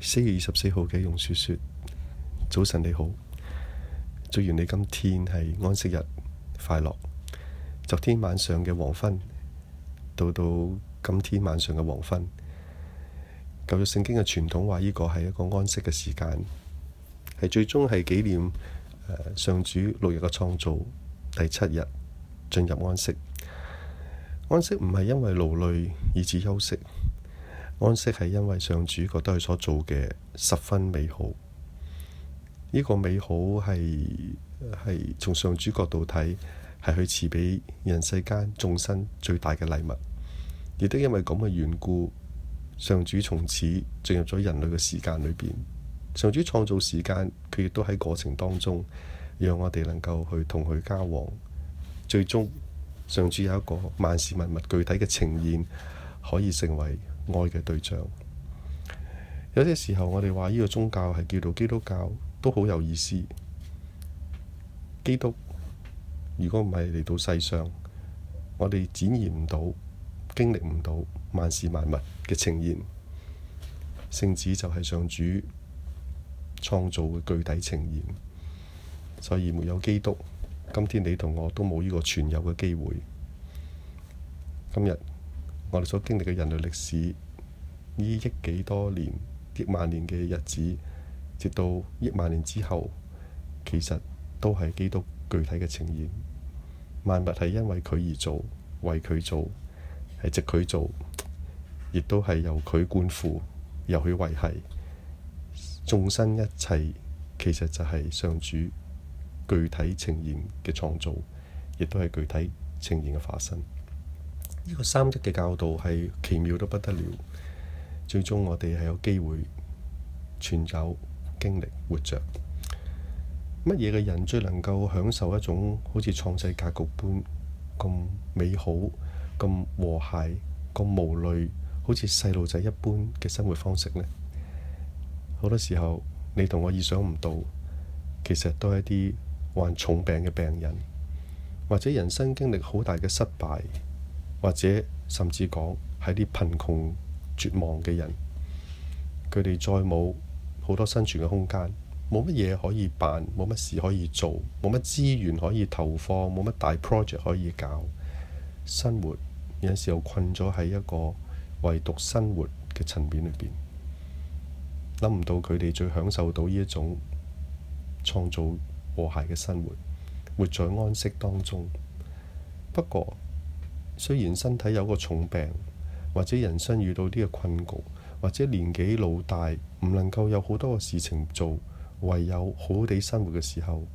四月二十四號嘅容雪雪，早晨你好，祝願你今天係安息日快樂。昨天晚上嘅黃昏，到到今天晚上嘅黃昏，舊約聖經嘅傳統話呢個係一個安息嘅時間，係最終係紀念上主六日嘅創造，第七日進入安息。安息唔係因為勞累而止休息。安息係因為上主覺得佢所做嘅十分美好，呢個美好係係從上主角度睇，係佢賜俾人世間眾生最大嘅禮物，亦都因為咁嘅緣故，上主從此進入咗人類嘅時間裏邊。上主創造時間，佢亦都喺過程當中讓我哋能夠去同佢交往。最終，上主有一個萬事萬物具體嘅呈現，可以成為愛嘅對象，有啲時候我哋話呢個宗教係叫做基督教，都好有意思。基督如果唔係嚟到世上，我哋展現唔到、經歷唔到萬事萬物嘅呈現。聖子就係上主創造嘅具體呈現，所以沒有基督，今天你同我都冇呢個全有嘅機會。今日。我哋所經歷嘅人類歷史，呢億幾多年、億萬年嘅日子，直到億萬年之後，其實都係基督具體嘅呈現。萬物係因為佢而做，為佢做，係藉佢做，亦都係由佢觀顧，由佢維係眾生一切。其實就係上主具體呈現嘅創造，亦都係具體呈現嘅化身。呢個三一嘅教導係奇妙到不得了。最終我哋係有機會存走經歷，活着乜嘢嘅人最能夠享受一種好似創世格局般咁美好、咁和諧、咁無慮，好似細路仔一般嘅生活方式呢？好多時候你同我意想唔到，其實都係啲患重病嘅病人，或者人生經歷好大嘅失敗。或者甚至講係啲貧窮絕望嘅人，佢哋再冇好多生存嘅空間，冇乜嘢可以辦，冇乜事可以做，冇乜資源可以投放，冇乜大 project 可以搞，生活有陣時又困咗喺一個唯獨生活嘅層面裏邊，諗唔到佢哋最享受到呢一種創造和諧嘅生活，活在安息當中。不過，雖然身體有個重病，或者人生遇到啲嘅困局，或者年紀老大唔能夠有好多嘅事情做，唯有好好地生活嘅時候，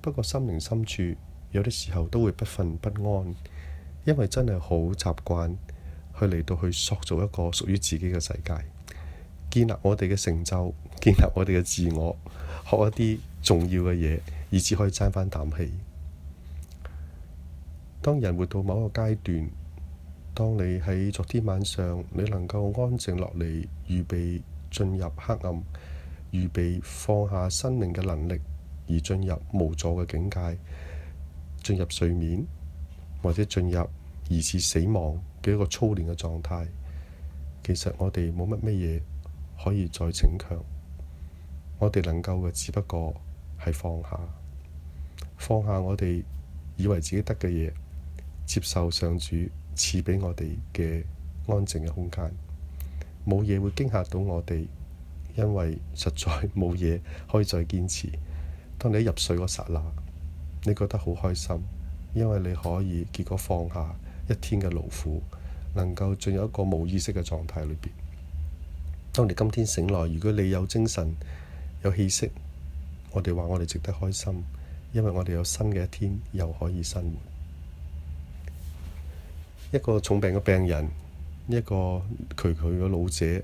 不過心靈深處有啲時候都會不憤不安，因為真係好習慣去嚟到去塑造一個屬於自己嘅世界，建立我哋嘅成就，建立我哋嘅自我，學一啲重要嘅嘢，以至可以爭返啖氣。當人活到某個階段，當你喺昨天晚上，你能夠安靜落嚟，預備進入黑暗，預備放下心靈嘅能力，而進入無助嘅境界，進入睡眠，或者進入疑似死亡嘅一個操練嘅狀態。其實我哋冇乜乜嘢可以再逞強，我哋能夠嘅只不過係放下，放下我哋以為自己得嘅嘢。接受上主賜俾我哋嘅安靜嘅空間，冇嘢會驚嚇到我哋，因為實在冇嘢可以再堅持。當你一入睡嗰剎那，你覺得好開心，因為你可以結果放下一天嘅勞苦，能夠進入一個冇意識嘅狀態裏邊。當你今天醒來，如果你有精神、有氣息，我哋話我哋值得開心，因為我哋有新嘅一天，又可以生活。一個重病嘅病人，一個頹頹嘅老者，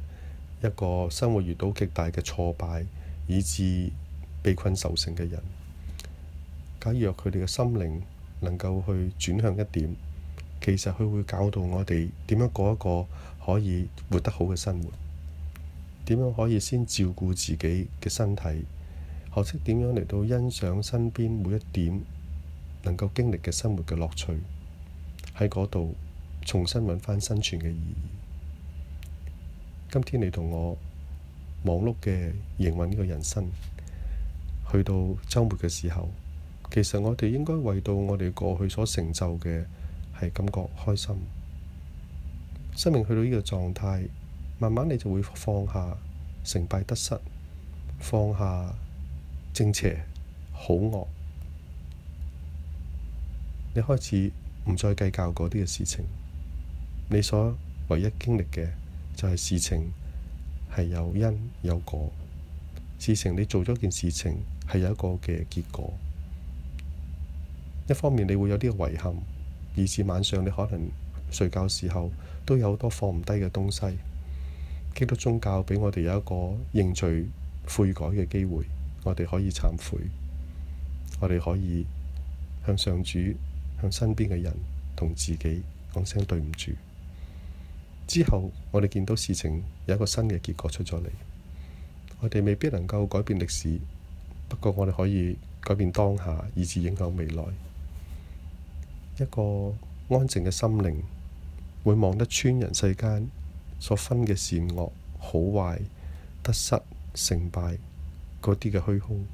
一個生活遇到極大嘅挫敗，以至被困愁城嘅人。假若佢哋嘅心靈能夠去轉向一點，其實佢會教導我哋點樣過一個可以活得好嘅生活，點樣可以先照顧自己嘅身體，學識點樣嚟到欣賞身邊每一點能夠經歷嘅生活嘅樂趣喺嗰度。重新揾返生存嘅意義。今天你同我忙碌嘅營運呢個人生。去到周末嘅時候，其實我哋應該為到我哋過去所成就嘅係感覺開心。生命去到呢個狀態，慢慢你就會放下成敗得失，放下正邪、好惡，你開始唔再計較嗰啲嘅事情。你所唯一經歷嘅就係、是、事情係有因有果。事情你做咗件事情係有一個嘅結果。一方面你會有啲遺憾，以至晚上你可能睡覺時候都有好多放唔低嘅東西。基督宗教畀我哋有一個認罪悔改嘅機會，我哋可以懺悔，我哋可以向上主、向身邊嘅人同自己講聲對唔住。之後，我哋見到事情有一個新嘅結果出咗嚟，我哋未必能夠改變歷史，不過我哋可以改變當下，以至影響未來。一個安靜嘅心靈會望得穿人世間所分嘅善惡、好壞、得失、成敗嗰啲嘅虛空，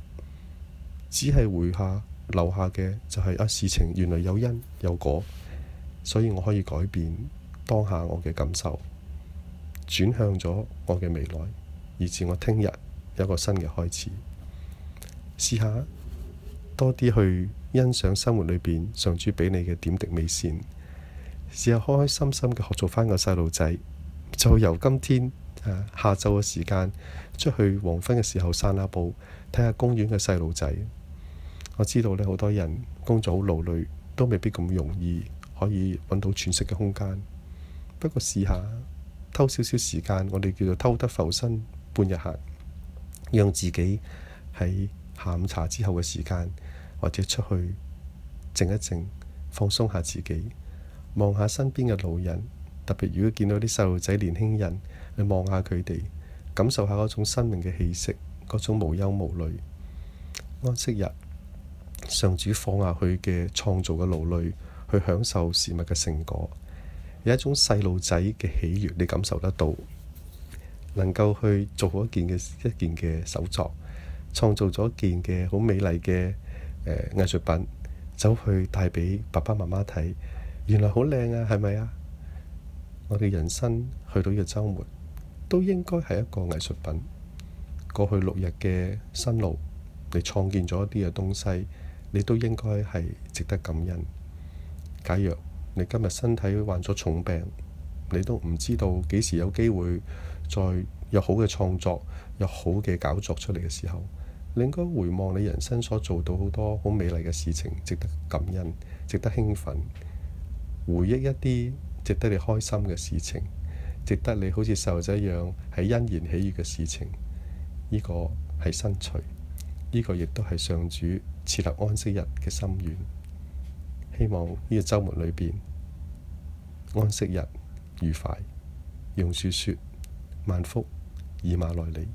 只係回下留下嘅就係：「啊，事情原來有因有果，所以我可以改變。」當下我嘅感受轉向咗我嘅未來，以至我聽日有個新嘅開始。試下多啲去欣賞生活裏邊上主畀你嘅點滴美善，試下開開心心嘅學做返個細路仔。就由今天、啊、下晝嘅時間出去黃昏嘅時候散下步，睇下公園嘅細路仔。我知道咧，好多人工作好勞累，都未必咁容易可以揾到喘息嘅空間。不過試下偷少少時間，我哋叫做偷得浮生半日閒，讓自己喺下午茶之後嘅時間，或者出去靜一靜，放鬆下自己，望下身邊嘅老人，特別如果見到啲細路仔、年輕人，去望下佢哋，感受下嗰種生命嘅氣息，嗰種無憂無慮，安息日，上主放下佢嘅創造嘅勞累，去享受事物嘅成果。有一種細路仔嘅喜悅，你感受得到，能夠去做好一件嘅一件嘅手作，創造咗一件嘅好美麗嘅誒、呃、藝術品，走去帶俾爸爸媽媽睇，原來好靚啊，係咪啊？我哋人生去到呢個周末，都應該係一個藝術品。過去六日嘅辛勞，你創建咗一啲嘅東西，你都應該係值得感恩。解藥。你今日身體患咗重病，你都唔知道幾時有機會再有好嘅創作、有好嘅搞作出嚟嘅時候，你應該回望你人生所做到好多好美麗嘅事情，值得感恩、值得興奮，回憶一啲值得你開心嘅事情，值得你好似細路仔一樣係欣然喜悅嘅事情。呢個係新隨，呢個亦都係上主設立安息日嘅心願。希望呢個周末裏邊安息日愉快，用恕説萬福以馬內利。